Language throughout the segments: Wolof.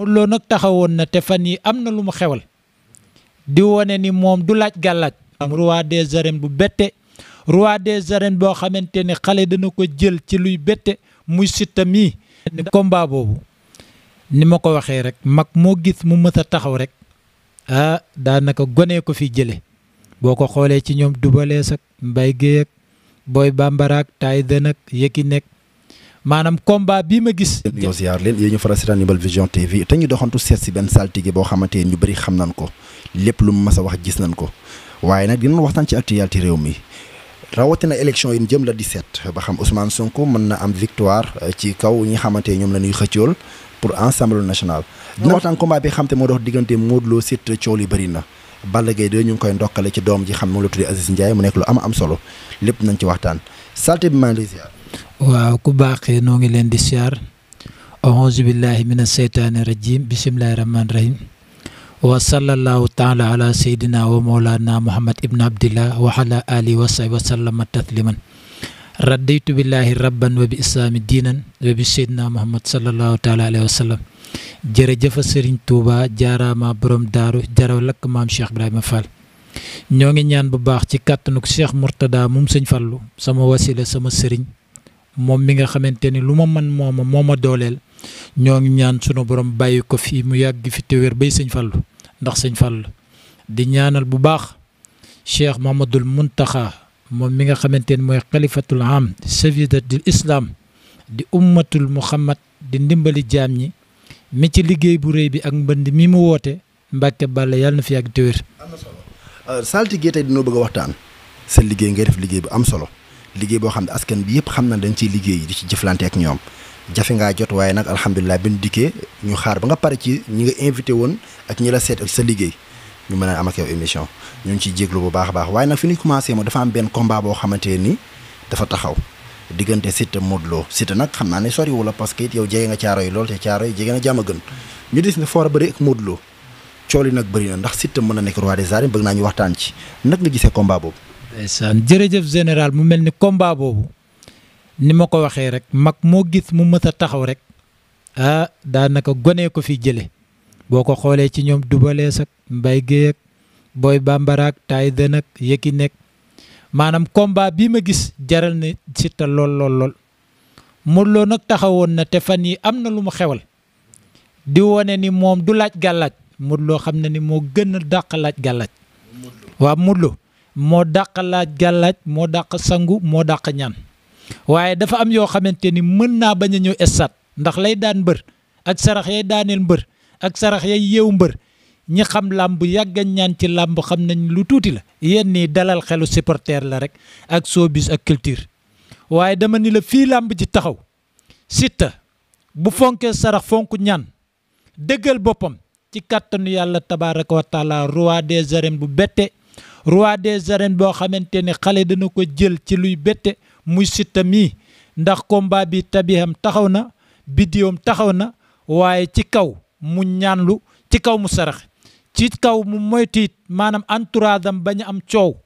Modou Lo nag taxawoon na te fan yi am na lu mu xewal di wone ni moom du laaj gàllaaj roi des arènes bu bette roi des arènes boo xamante ne xale dana ko jël ci luy bette muy Siteu mii combat boobu ni ma ko waxee rek mag moo gis mu mës a taxaw rek ah daanaka gone ko fi jële boo ko xoolee ci ñoom dubalees ak mbay géey ak booy bambara ak taay dën yëkki nekk maanaam combat bii ma gis. ñoo ziar leen yéen ñu faral seetaan Nouvelle Vision TV te ñu doxantu seet si benn saltige boo xamante ne ñu bëri xam nañ ko lépp lu mu mas a wax gis nañ ko waaye nag dinañ waxtaan ci actualité réew mi rawatina élection yi jëm la seet ba xam Ousmane Sonko mën na am victoire eh, ci kaw ñi xamante ne ñoom la ñuy xëccool pour Assemblée national dina waxtaan combat bi xam te moo dox diggante Modou Lo Siteu coow li bëri na. Balla Gaye de ñu ngi koy ci doom ji xam moom la tuddee Aziz Ndiaye mu nekk lu am am solo lépp nañ ci waxtaan salte bi maa waaw ku baaxee noo ngi leen di siyaar auzu billahi min aseytaani rajim bisimilahi rahmaani rahim wa sallallahu taala ala seydina wa mawlana muhammad ibn abdillah wa ala alihi wa sahbi wa sallama tasliman raddaytu billahi rabban wa bi islaami diinan wa bi seydina muhammad sallallahu taala wa sallam jërëjëfa sëriñ tuuba jaaraama borom daaru jaraw lakk maam cheikh ibrahima fall ñoo ngi ñaan bu baax ci kàttanuk cheikh mourtada moom sëñ fallu sama wasila sama moom mi nga xamante ni lu ma man moo ma moo ma dooleel ñoo ngi ñaan sunu borom bàyyi ko fii mu yàgg fi te bay sëñ Fallou ndax sëñ Fallou di ñaanal bu baax Cheikh Mamadul Muntaxa moom mi nga xamante ni mooy xalifatul am di islam di ummatul muhammad di ndimbali jaam ñi mi ci liggéey bu rëy bi ak mbënd mi mu woote Mbàkke Balla yàlla na fi yàgg te wér. Euh, saltige tey dina bëgg waxtaan. seen liggéey ngay def liggéey bu am solo. liggéey boo xam ne askan bi yëpp xam na dañ ciy liggéey di ci jëflante ak ñoom jafe ngaa jot waaye nag alhamdulilah bi ñu dikkee ñu xaar ba nga pare ci ñi nga invité woon ak ñi la seet sa liggéey ñu mën a am ak yow émission ñu ngi ciy jéglu bu baax a baax waaye nag fi ñuy commencé moom dafa am benn combat boo xamante ni dafa taxaw diggante Siteu Modou Lo Siteu nag xam naa ne soriwu la parce que it yow jege nga caaro yi lool te caaro yi jege na jàmm gën ñu dis ne foora bëri ak Lo cool yi bëri na ndax mën na nekk roi des bëgg naa waxtaan ci nag nga gisee combat boobu ndeysaan jërëjëf général mu mel ni combat boobu ni ma ko waxee rek mag moo gis mu mës a taxaw rek ah daanaka gone ko fi jële boo ko xoolee ci ñoom dubalees ak mbay géey booy bambaraak taay dën ak nekk maanaam komba bii ma gis jaral na Siteu lool lool lool Modou Lo nag taxawoon na te fan yi am na lu mu xewal di wone ni moom du laaj gàllaaj Modou loo xam na ni moo gën a dàq laaj gàllaaj waa Modou Lo moo dàq laaj gàllaaj moo dàq sangu moo dàq ñaan waaye dafa am yoo xamante ni mën naa bañ a ñëw estat ndax lay daan mbër ak sarax yay daaneel mbër ak sarax yay yeewu mbër ñi xam làmb yàgga ñaan ci làmb xam nañ lu tuuti la yenn nii dalal xelu supporter la rek ak showbiz ak culture waaye dama ni la fii làmb ci taxaw Siteu bu fonkee sarax fonk ñaan dëggal boppam ci kàttanu yàlla tabaaraka wa roi des arènes bu bette roi des arènes boo xamante ne xale dana ko jël ci luy bette muy Siteu mii ndax combat bi tabiham taxaw na biddewam taxaw na waaye ci kaw mu ñaanlu ci kaw mu sarax ci kaw mu moytiit maanaam entourage am bañ am coow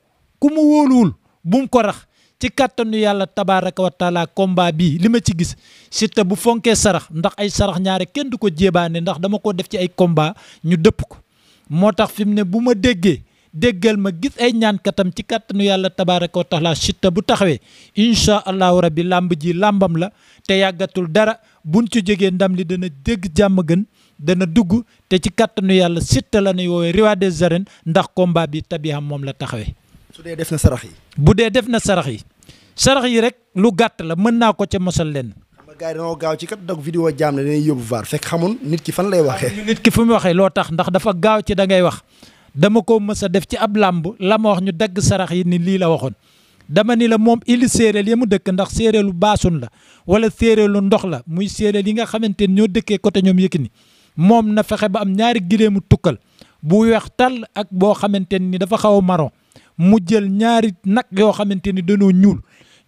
ku mu wóoluwul bu mu ko rax ci kàttanu yàlla tabaaraka wa taala combat bii li ma ci gis Siteu bu fonkee sarax ndax ay sarax ñaari kenn du ko jébaane ndax dama ko def ci ay combat ñu dëpp ko moo tax fi mu ne bu ma déggee déggal ma gis ay ñaankatam ci kàttanu yàlla tabaaraka wa taala Siteu bu taxawee incha allahu rabbi làmb ji làmbam la te yàggatul dara buñ ci jógee ndam li dana dégg jàmm gën dana dugg te ci kàttanu yàlla Siteu la ñuy woowee roi des arènes ndax combat bi tabiam moom la taxawee. su dee def na sarax yi. bu dee def na sarax yi sarax yi rek lu gàtt la mën naa ko ca mosal leen. gaa yi dañoo gaaw ci kat dog vidéo jaam ne dañuy yóbbu vaar nit ki fan lay waxee. nit waxee loo tax ndax dafa gaaw ci da ngay wax dama ko mës a def ci ab làmb la ma wax ñu dagg sarax yi ni lii la waxoon dama ni la moom ili séeréel ya mu dëkk ndax séeréelu baasun la wala séeréelu ndox la muy séeréel yi nga xamante ni ñoo dëkkee côté ñoom ni moom na fexe ba am ñaari giléemu tukkal bu weex tàll ak boo xamante ni dafa xaw a maron mu jël ñaari nag yoo xamante ni dañoo ñuul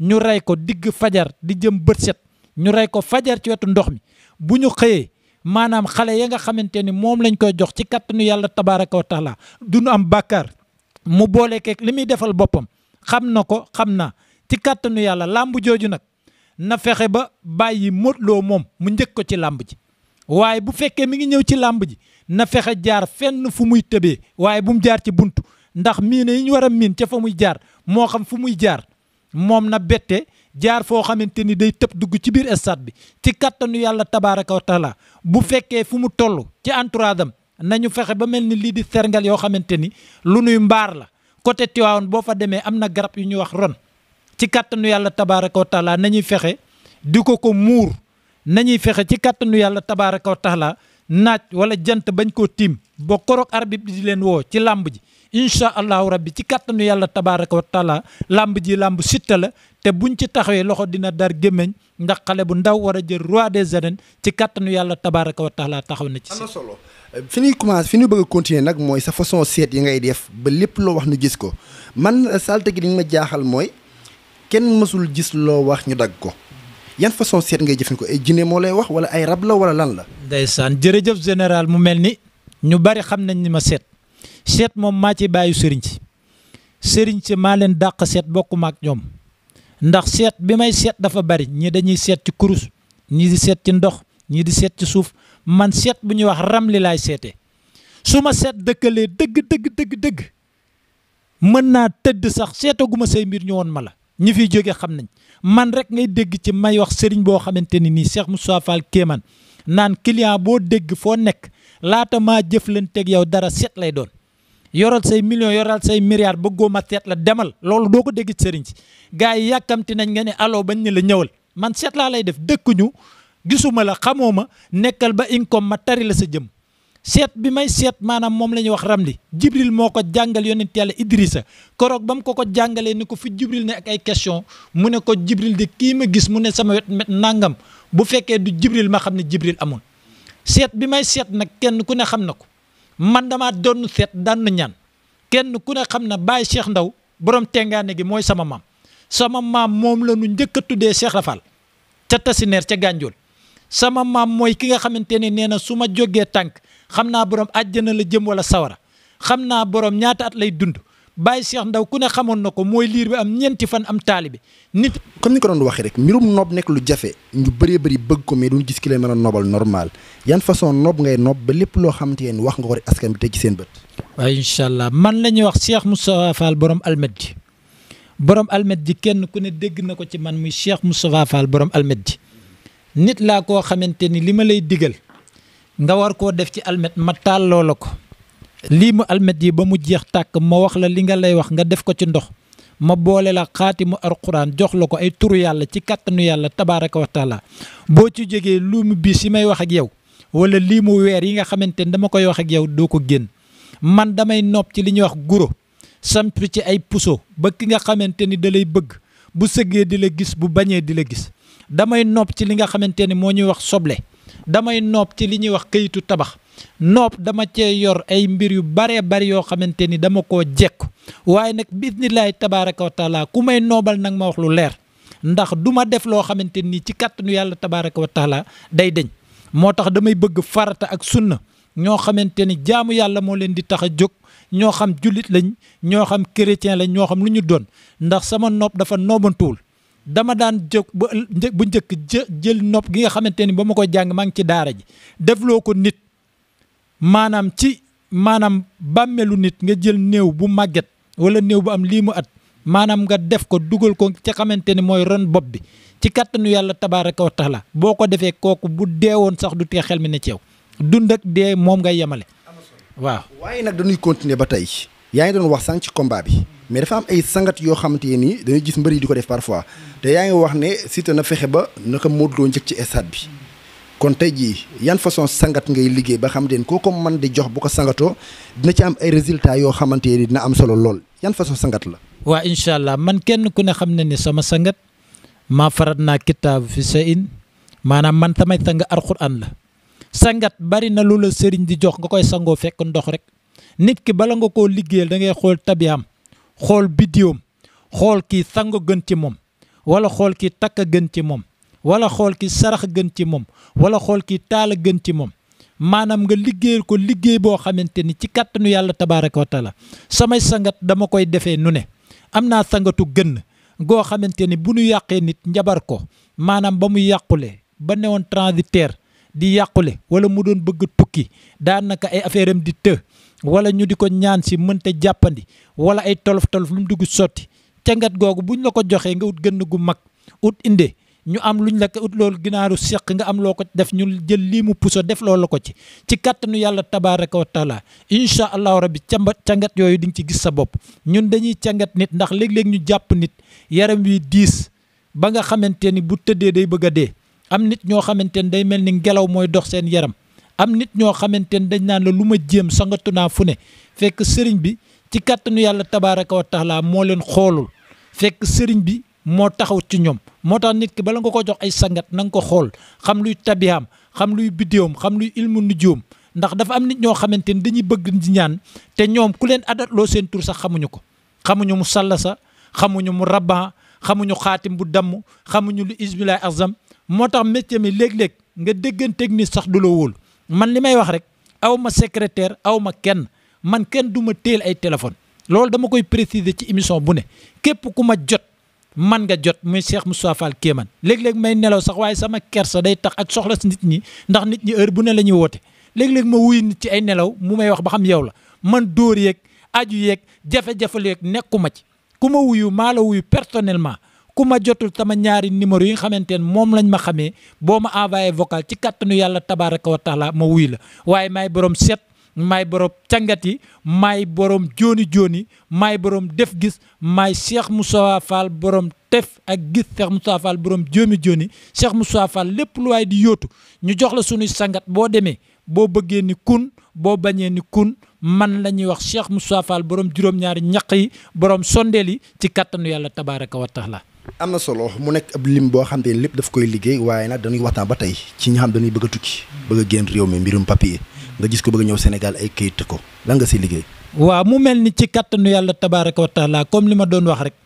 ñu rey ko digg fajar di jëm bët set ñu rey ko fajar ci wetu ndox mi bu ñu xëyee maanaam xale ya nga xamante ni moom lañ koy jox ci kattanu yàlla tabaaraka wa taala du am bàkkaar mu boole keek li muy defal boppam xam na ko xam naa ci kattanu yàlla làmb jooju nag na fexe ba bàyyi motloo moom mu njëkk ko ci làmb ji waaye bu fekkee mi ngi ñëw ci làmb ji na fexe jaar fenn fu muy tëbee waaye bu mu jaar ci bunt ndax miin yi ñu war a miin ca fa muy jaar moo xam fu muy jaar moom na bette jaar foo xamante ni day tëb dugg ci biir stade bi ci kattanu yàlla tabaaraka wa taala bu fekkee fu mu toll ci entourage nañu fexe ba mel ni lii di serngal yoo xamante ni lu nuy mbaar la côté Tivaouane boo fa demee am na garab yu ñuy wax ron ci kattanu yàlla tabaaraka nañuy fexe di ko ko muur nañuy fexe ci kattanu yàlla tabaaraka naaj wala jant bañ koo tiim ba koroog arbitre bi di leen woo ci làmb ji incha allahu rabbi ci kàttanu yàlla tabaaraka wa taala làmb ji làmb Siteu la te buñ ci taxawee loxo dina dar gémmiñ ndax xale bu ndaw war a jël roi des arènes ci kàttanu yàlla tabaaraka wa taala taxaw na ci. am solo fi ñuy commencé fi ñuy bëgg a nag mooy sa façon seet yi ngay def ba lépp loo wax ñu gis ko man salte gi li ñu ma jaaxal mooy kenn mësul gis loo wax ñu dagg ko. yan façon seet ngay jëf ko ay jinne moo lay wax wala ay rab la wala lan la. ndeysaan général mu mel ni ñu seet moom maa ci bàyyi sëriñ si sëriñ si maa leen dàq seet bokkuma ak ñoom ndax seet bi may seet dafa bari ñi dañuy seet ci kurus ñii di seet ci ndox ñii di seet ci suuf man seet bu ñuy wax ramli laay seete su ma seet dëkkalee dëgg dëgg dëgg dëgg mën naa tëdd sax seetaguma say mbir ñëwoon ma la ñi fiy jóge xam nañ man rek ngay dégg ci may wax sëriñ boo xamante ni nii Cheikh Moustapha Fall Kéemaan naan client boo dégg foo nekk laata maa jëflanteeg yow dara seet lay doon yoral say million yoral say milliards bëggoo ma seet la demal loolu doo ko dégg ci sëriñ si gars yi yàkkamti nañ nga ne allo bañ ne la ñëwal man seet laa lay def dëkkuñu gisuma la xamoo ma nekkal ba income ma tari la sa jëm seet bi may seet maanaam moom la ñuy wax ramli jibril moo ko jàngal yonent yàlla idrissa koroog ba mu ko ko jàngalee ni ko fi jibril ne ak ay question mu ne ko jibril di kii ma gis mu ne sama wet met nangam bu fekkee du jibril ma xam ne jibril amoon seet bi may seet nag kenn ku ne xam na ko man dama donn seet daan ñaan kenn ku ne xam na Baye Cheikh Ndaw borom tengaane gi mooy sama maam sama maam moom la nu njëkk a tuddee Cheikh Rafal ca Tasineer ca Gànjool sama maam mooy ki nga xamante ne nee na su ma jógee tànk xam naa borom àjjana la jëm wala sawara xam naa borom ñaata at lay dund bàyyi Cheikh Ndaw ku ne xamoon na ko mooy liir bi am ñeenti fan am taalibe nit. comme ni ko doon waxee rek mbirum noob nekk lu jafe ñu bëree bëri bëgg ko mais duñ gis ki lay mën a noobal normal yan façon noob ngay noob ba lépp loo xamante te ne wax nga ko rek askan bi teg ci seen bët. waaye incha allah man la ñuy wax Cheikh Moustapha Fall borom almet ji borom almet ji kenn ku ne dégg na ko ci man muy Cheikh Moustapha Fall borom almet ji nit laa koo xamante ni li ma lay digal nga war koo def ci almet ma tàlloo la ko. lii mu almet yi ba mu jeex tàkk ma wax la li nga lay wax nga def ko ci ndox ma boole la xaatimu alquran jox la ko ay turu yàlla ci kàttanu yàlla tabaaraka wa taala boo ci jógee lu mu bis yi may wax ak yow wala lii mu weer yi nga xamante ni dama koy wax ak yow doo ko génn man damay nopp ci li ñuy wax guro samp ci ay puso ba ki nga xamante ni da lay bëgg bu sëggee di la gis bu bañee di la gis damay nopp ci li nga xamante ni moo ñuy wax soble damay nopp ci li ñuy wax kayitu tabax nopp dama cee yor ay mbir yu baree bari yoo xamante ni dama ko jekku waaye nag bismillaahi tabaaraka wa taala ku may noobal nag ma wax lu leer ndax duma def loo xamante ni ci kàttanu yàlla tabaaraka wa day deñ moo tax damay bëgg farata ak sunna ñoo xamante ni jaamu yàlla moo leen di tax a jóg ñoo xam jullit lañ ñoo xam chrétien lañ ñoo xam lu ñu doon ndax sama nopp dafa noobantuwul dama daan jóg ba bu njëkk jë jël nopp gi nga xamante ni ba ma koy jàng maa ngi ci daara ji maanaam ci maanaam bàmmeelu nit nga jël néew bu màgget wala néew bu am lii mu at maanaam nga def ko dugal ko ci xamante ne mooy ron bopp bi ci kàttanu yàlla tabaaraka wa la boo ko defee kooku bu deewoon sax du tee xel mi ne ci yow dund ak dee moom ngay yemale waaw. waaye nag dañuy continuer ba tey yaa ngi doon wax sànq ci combat bi mais dafa am ay sangat yoo xamante ni dañuy gis mbër yi di ko def parfois te yaa ngi wax ne Siteu na fexe ba naka Modou Lo njëkk ci stade bi. kon tey jii yan façon sangat ngay liggéey ba xam ne koo ko man di jox bu ko sangatoo dina ci am ay résultat yoo xamante ni dina am solo lool yan façon sangat la. waa incha allah man kenn ku ne xam ne ni sama sangat maa farat naa kitaabu fi sa in maanaam man tamay sang alxuraan la sangat bari na lu la sëriñ di jox nga koy sangoo fekk ndox rek nit ki bala nga koo liggéeyal da ngay xool tabiyaam xool biddiwam xool kii sang gën ci moom wala xool kii takk gën ci moom. wala xool ki sarax gën ci moom wala xool ki taal a gën ci moom maanaam nga liggéeyal ko liggéey boo xamante ni ci kàttanu yàlla tabaaraka wa taala samay sangat dama koy defee nu ne am naa sangatu gën goo xamante ni bu nu yàqee nit njabar ko maanaam ba mu yàqule ba woon transitaire di yàqule wala mu doon bëgg tukki daanaka ay affaire am di të wala ñu di ko ñaan si mënta jàppandi wala ay tolof tolof lu mu dugg sotti cangat googu buñ la ko joxee nga ut gu mag ut inde ñu am luñ la ut loolu ginaaru seq nga am loo ko def ñu jël lii mu puso def loolu la ko ci ci kàttanu yàlla tabaaraka wa taala incha allahu rabbi cambat cangat yooyu di ci gis sa bopp ñun dañuy cangat nit ndax léeg-léeg ñu jàpp nit yaram wi diis ba nga xamante ni bu tëddee day bëgg a dee am nit ñoo xamante ni day mel ni ngelaw mooy dox seen yaram am nit ñoo xamante ni dañ naan lu ma jéem sangatu naa fu ne fekk sëriñ bi ci kàttanu yàlla tabaaraka wa moo leen xoolul fekk sëriñ bi moo taxaw ci ñoom moo tax nit ki bala nga ko jox ay sangat nanga nga ko xool xam luy tabiyaam xam luy biddéewam xam luy ilmu nujuum ndax dafa am nit ñoo xamante ni dañuy bëgg di ñaan te ñoom ku leen adatloo seen tur sax xamuñu ko xamuñu mu sallasa xamuñu mu rabban xamuñu xaatim bu damm xamuñu lu isbilaay azam moo tax métier mi léeg-léeg nga dégganteeg ni sax du la wóolu man li may wax rek awma ma secrétaire aw ma kenn man kenn du ma téel ay téléphone loolu dama koy préciser ci émission bu ne képp ku ma jot man nga jot muy Cheikh Moustapha Fall Kéeman léeg-léeg may nelaw sax waaye sama kersa day tax ak soxla si nit ñi ndax nit ñi heure bu ne la ñuy woote léeg-léeg ma wuy nit ci ay nelaw mu may wax ba xam yow la man dóor yeeg aju yeeg jafe-jafe yeeg nekkuma ci ku ma wuyu maa la wuyu personnellement ku ma jotul sama ñaari numéro yi nga xamante ne moom lañ ma xamee boo ma envoyé vocal ci kattanu yàlla tabaraka wa taala ma wuy la waaye maay borom seet maay borom càngat yi maay borom jooni jooni maay boroom def gis maay Cheikh Moussa Fall borom def ak gis Cheikh Moussa Fall borom jooni jooni Cheikh Moussa Fall lépp lu waaye di yootu ñu jox la sunuy sangat boo demee boo bëggee ni kun boo bañee ni kun man la ñuy wax Cheikh Moussa Fall borom juróom-ñaari ñaq yi borom sondeel yi ci kattanu yàlla tabaaraka wa taala am na solo mu nekk ab lim boo xam ne lépp daf koy liggéey waaye nag dañuy waxtaan ba tey ci ñi xam a tukki bëgg a génn nga gis ko bëgg ñëw senegal ay këyit ko lan nga si liggéey. waaw mu mel ni ci kattanu yàlla tabaaraka wa taala comme li ma doon wax rek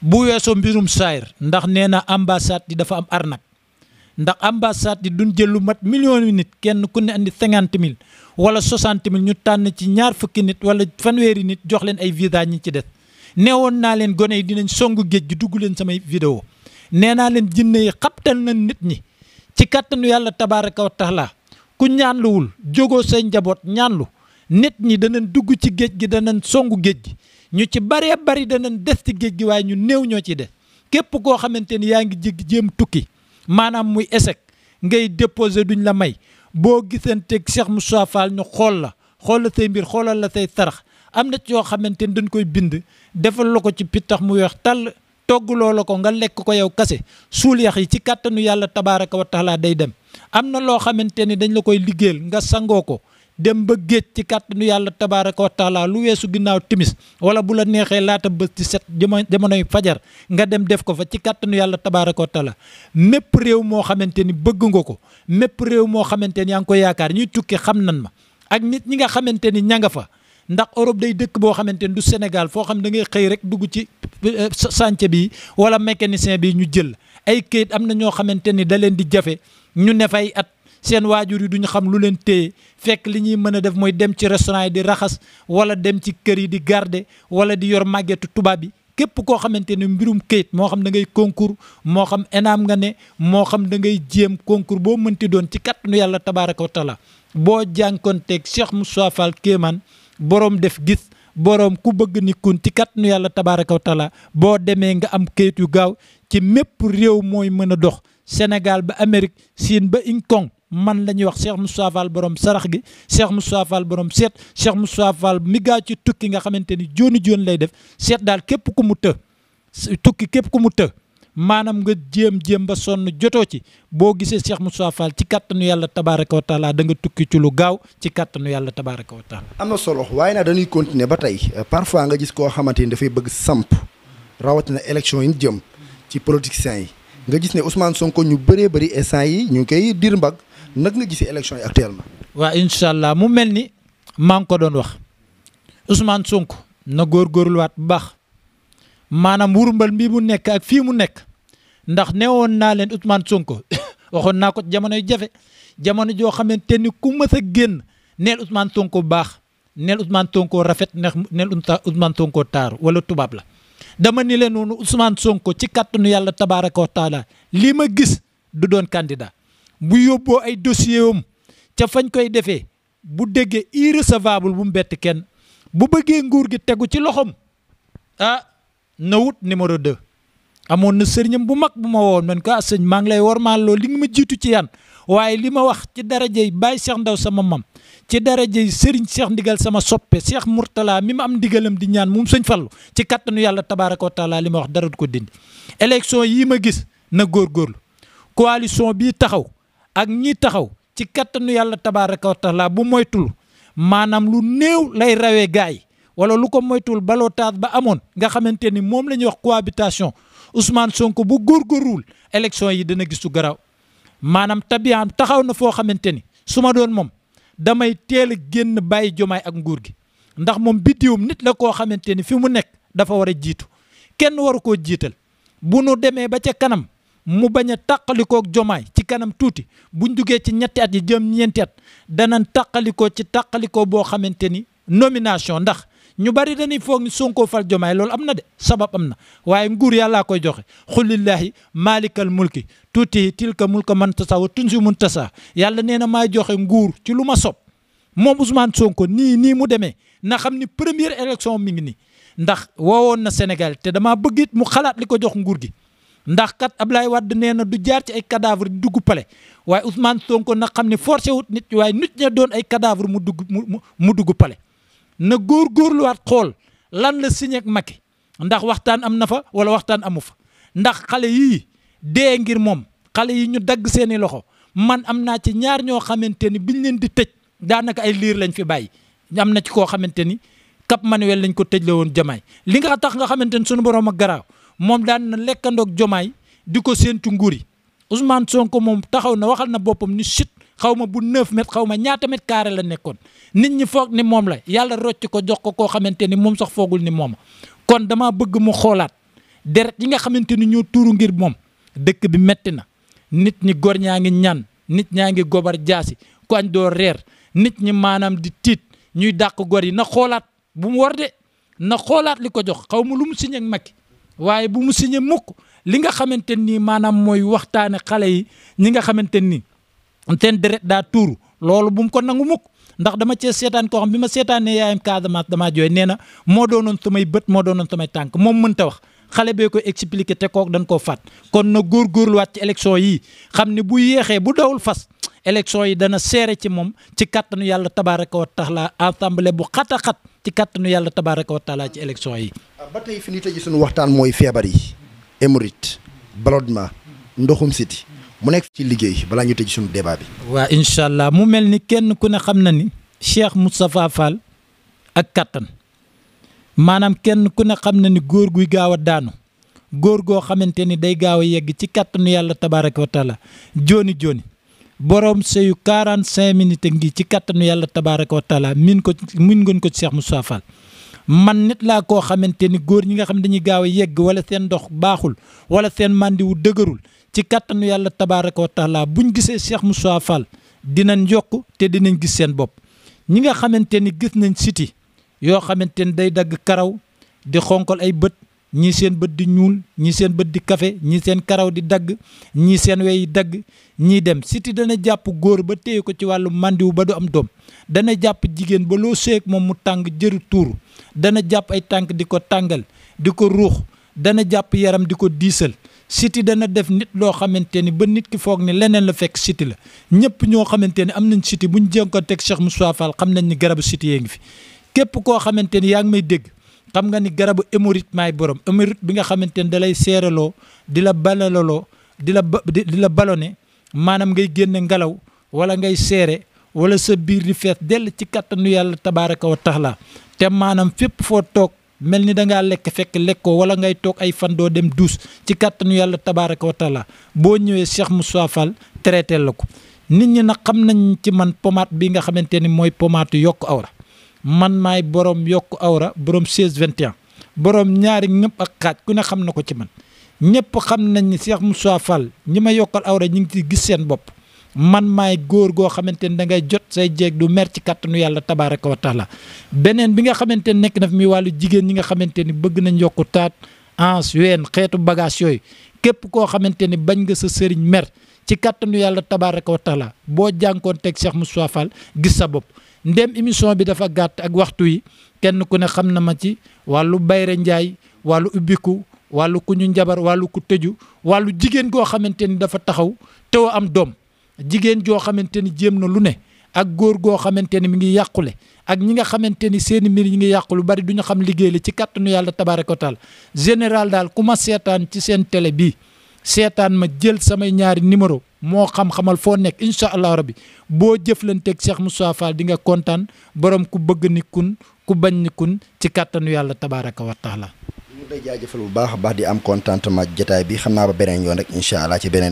bu weesoo mbirum saayir ndax nee na ambassade yi dafa am arnaque ndax ambassade di duñ jël lu mat million nit kenn ku ne andi cinquante mille wala soixante mille ñu tànn ci ñaar fukki nit wala fanweeri nit jox leen ay visa ñi ci des neewoon naa leen gone yi dinañ songu géej gi dugg leen samay vidéo nee naa leen jinne yi na nit ñi ci kattanu yàlla tabaaraka wa taala ku ñaanluwul jógo seen njaboot ñaanlu nit ñi danañ dugg ci géej gi danañ songu géej gi ñu ci baree bari danañ des ci géej gi waaye ñu néew ñoo ci des képp koo xamante ni yaa ngi jéggi jéem tukki maanaam muy échec ngay déposé duñ la may boo gisanteeg Cheikh Moussa Fall ñu xool la xool la say mbir xoolal la say sarax am na ci yoo xamante ni dañ koy bind defal la ko ci pittax mu weex tàll togg loola ko nga lekk ko yow kase suul yax yi ci kàttanu yàlla tabaaraka wa taala day dem am na loo xamante ni dañ la koy liggéeyal nga sangoo ko dem ba géej ci kàttanu yàlla tabaaraka wa taala lu weesu ginnaaw timis wala bu la neexee laata bës ci set jamonoy fajar nga dem def ko fa ci kàttanu yàlla tabaaraka wa mépp réew moo xamante ni bëgg nga ko mépp réew moo xamante ni yaa ngi koy yaakaar ñuy tukki xam nan ma ak nit ñi nga xamante ni ña nga fa ndax Europe day dëkk boo xamante ni du Sénégal foo xam da ngay xëy rek dugg ci euh, chantier bi wala mécanicien bi ñu jël ay kayit am na ñoo xamante ni da leen di jafe ñu ne fay at seen waajur yi duñu xam lu leen téye fekk li ñuy mën a def mooy dem ci restaurant yi di raxas wala dem ci kër yi di garder wala di yor màggetu tubaab yi képp koo xamante ne mbirum këyit moo xam da ngay concours moo xam enaam nga ne moo xam da ngay jéem concours boo mënti doon ci kàttanu yàlla tabaaraka wa taala boo jànkonteeg Cheikh Moussa Fall Kéemaan boroom def gis boroom ku bëgg ni kun ci kàttanu yàlla tabaaraka wa taala boo demee nga am këyit yu gaaw ci mépp réew mooy mën a dox Sénégal ba Amérique Siin ba Hong man la ñuy wax seex Moustapha Fall borom sarax gi Cheikh Moustapha Fall borom seet Cheikh Moustapha Fall mi gaa ci tukki nga xamante ni jooni joon lay def seet daal képp ku mu të tukki képp ku mu të maanaam nga jéem-jéem ba sonn jotoo ci boo gisee Cheikh Moustapha Fall ci kàttanu yàlla tabaraka wa taala da nga tukki ci lu gaaw ci kàttanu yàlla tabaraka wa taala am na solo waaye nag dañuy continuer ba tey euh, parfois nga gis koo xamante ni dafay bëgg samp rawatina élection yi jëm ci yi nga gis ne Ousmane Sonko ñu bëree bari instant yi ñu ngi koy dir mbag nag nga gisee élection yi actuellement. waaw incha allah mu mel ni maa ngi ko doon wax Ousmane Sonko na góorgóorluwaat bu baax maanaam wurmbal mbii mu nekk ak fii mu nekk ndax newoon naa leen Ousmane Sonko waxoon naa ko jamonoy jafe jamono joo xamante ni ku mës a génn neel Ousmane Sonko baax neel Ousmane Sonko rafet neex neel Ousmane Sonko taaru wala tubaab la. dama ni leen noonu Ousmane Sonko ci kàttanu yàlla tabaaraka wa taala li ma gis du doon candidat bu yóbboo ay dossier ca fañ koy defee bu déggee irrecevable bum mu bett kenn bu bëggee nguur gi tegu ci loxoom ah na wut numéro 2. amoon na sëriñam bu mag bu ma woon man ko sëñ maa ngi lay wormaal loolu li nga ma jiitu ci yan waaye li ma wax ci dara darajey bàyyi Cheikh Ndaw sama mam ci dara darajey sëriñ Cheikh Ndigal sama soppe Cheikh Mourtala mi ma am ndigalam di ñaan moom sëñ Fallu ci kattanu yàlla tabaaraka wa taala li ma wax dara du ko dindi élection yii ma gis na góor góorgóorlu coalition bii taxaw ak ñii taxaw ci kattanu yàlla tabaaraka wa taala bu moytul maanaam lu néew lay rawee gaay wala lu ko moytul balootaas ba amoon nga xamante ni moom la ñuy wax cohabitation Ousmane Sonko bu góor góorgóorluwul élection yi dana gisu garaw maanaam tabiyaam taxaw na foo xamante ni su ma doon moom damay teel a génn bàyyi jomaay ak nguur gi ndax moom biddiwum nit la koo xamante ni fi mu nekk dafa war a jiitu kenn waru koo jiital bu nu demee ba ca kanam mu bañ a tàqalikoo jomaay ci kanam tuuti buñ jugee ci ñetti at yi jëm ñeenti at danañ tàqalikoo ci tàqalikoo boo xamante ni nomination ndax ñu bari dañuy foog ni Sonko fal Jomaay loolu am na de sabab am na waaye nguur yàllaa koy joxe xulillaahi maalikal mulki tuuti tilka mulka man tasa wa tunsi mun tasa yàlla nee na maay joxe nguur ci lu ma sob moom Ousmane Sonko nii nii mu demee na xam ni premier élection mi ngi nii ndax woowoon na Sénégal te damaa bëgg it mu xalaat li ko jox nguur gi ndax kat Ablaye Wade nee na du jaar ci ay cadavre di pale waaye Ousmane Sonko na xam ne forcé wut nit waaye nit ña doon ay cadavre mu dugg mu mu dugg pale na góor góorgóorluwaat xool lan la signé ak ndax waxtaan am na fa wala waxtaan amu fa ndax xale yii dee ngir moom xale yi ñu dagg seeni loxo man am naa ci ñaar ñoo xamante ni biñ leen di tëj daanaka ay liir lañ fi bàyyi am na ci koo xamante ni Cap Manuel lañ ko tëj la woon Jomaay li nga tax nga xamante ni sunu borom a garaaw moom daan na lekkandoog Jomaay di ko séentu nguur yi Ousmane Sonko moom taxaw na waxal na boppam ni chut xaw ma bu 9 mètres xaw ma ñaata mètre carré la nekkoon nit ñi foog ni moom la yàlla rocc ko jox ko koo xamante ni moom sax foogul ni moom kon dama bëgg mu xoolaat deret yi nga xamante ni ñoo tuuru ngir moom dëkk bi metti na nit ñi góor ñaa ngi ñaan nit ñaa ngi gobar jaasi ku añ doo reer nit ñi maanaam di tiit ñuy dàq gor yi na xoolaat bu mu war de na xoolaat li ko jox xaw ma lu mu signé ak Macky waaye bu mu signé mukk li nga xamante nii maanaam mooy waxtaane xale yi ñi nga xamante nii seen deret daa tuuru loolu bu mu ko nangu mukk ndax dama cee seetaan koo xam bi ma seetaanee yaayam Casamance damaa jooy nee na moo doonoon samay bët moo doonoon samay tànk moom mënta wax xale bee ko expliqué te kook dañ koo faat kon na góor góorgóorluwaat ci élection yi xam ne bu yéexee bu dawul fas élection yi dana seere ci moom ci kattanu yàlla tabaaraka wa taala assemblée bu xat xat ci kattanu yàlla tabaaraka wa taala ci élection yi. Ah, ba waxtaan mooy feebar yi. émorite. ballonnement mu nekk ci liggéey bala ñu ci suñu débat bi. waaw incha allah mu mel ni kenn ku ne xam na ni Cheikh Moustapha ak kattan maanaam kenn ku ne xam na ni góor guy gaaw a daanu góor goo xamante ni day gaaw a yegg ci kattanu yàlla tabaaraka wa taala jooni jooni borom sëyu 45 minutes ngi ci kattanu yàlla tabaaraka wa taala min ko min ngeen ko Cheikh Moustapha Fall. man nit laa koo xamante ni góor ñi nga xam ne dañuy gaaw a yegg wala seen ndox baaxul wala seen màndi wu dëgërul ci kàttanu yàlla tabaaraka wa bu ñu gisee Cheikh Moussa Fall dinañ yokk te dinañ gis seen bopp ñi nga xamante ni gis nañ siti yoo xamante ni day dagg karaw di xonqal ay bët ñii seen bët di ñuul ñii seen bët di kafe ñii seen karaw di dagg ñii seen wey dagg ñii dem siti dana jàpp góor ba téye ko ci wàllu màndiwu ba du am doom dana jàpp jigéen ba loo seeg moom mu tàng jëru tuur dana jàpp ay tànk di ko tàngal di ko ruux dana jàpp yaram di ko diisal siti dana def nit loo xamante ni ba nit ki foog ni leneen la fekk siti la ñëpp ñoo xamante ni am nañ siti buñ jéem ko teg Cheikh Moussa Fall xam nañ ni garabu siti yee ngi fi képp koo xamante ni yaa ngi may dégg xam nga ni garabu émorite maay borom émorite bi nga xamante ni da seeraloo di la balalaloo di la di la balone maanaam ngay génne ngelaw wala ngay seere wala sa biir di fees dell ci kattanu yàlla tabaaraka tax taala te maanaam fépp foo toog mel ni da ngaa lekk fekk lekkoo wala ngay toog ay fan doo dem duus ci kàttanu yàlla tabaaraka wa boo ñëwee Cheikh Moussa Fall traité la ko nit ñi nag xam nañ ci man pommade bi nga xamante ni mooy pommade yokk awra man maay borom yokk awra borom 16 21 borom ñaari ñëpp ak xaaj ku ne xam na ko ci man ñëpp xam nañ ni Cheikh Moussa Fall ñi ma yokkal awra ñu ngi ciy gis seen bopp. man maay góor goo xamante ne da ngay jot say jeeg du mer ci kàttanu yàlla tabaaraka wa beneen bi nga xamante ne nekk na fi muy wàllu jigéen ñi nga xamante ni bëgg nañ yokku taat ans ween xeetu bagage yooyu képp koo xamante ni bañ nga sa sëriñ mer ci kàttanu yàlla tabaaraka wa taala boo jànkoon teg Cheikh Moustapha Fall gis sa bopp ndéem émission bi dafa gàtt ak waxtu yi kenn ku ne xam na ma ci wàllu bayre njaay wàllu ubbiku wàllu ku ñu njabar wàllu ku wàllu jigéen goo xamante ni dafa taxaw te am doom jigéen joo xamante ni jéem na lu ne ak góor goo xamante ni mi ngi yàqule ak ñi nga xamante ni seeni mbir ñi ngi yàqu lu bari du ñu xam liggéey la ci kàttanu yàlla tabaaraka taala général daal ku ma seetaan ci seen tele bi seetaan ma jël samay ñaari numéro moo xam-xamal foo nekk incha allah rabbi boo jëflanteeg Cheikh Moussa Fall di kontaan borom ku bëgg ni ku bañ ni ci kàttanu yàlla tabaaraka wa taala. ñu ngi lay jaajëfal bu baax a baax di am naa ba beneen yoon rek incha ci beneen.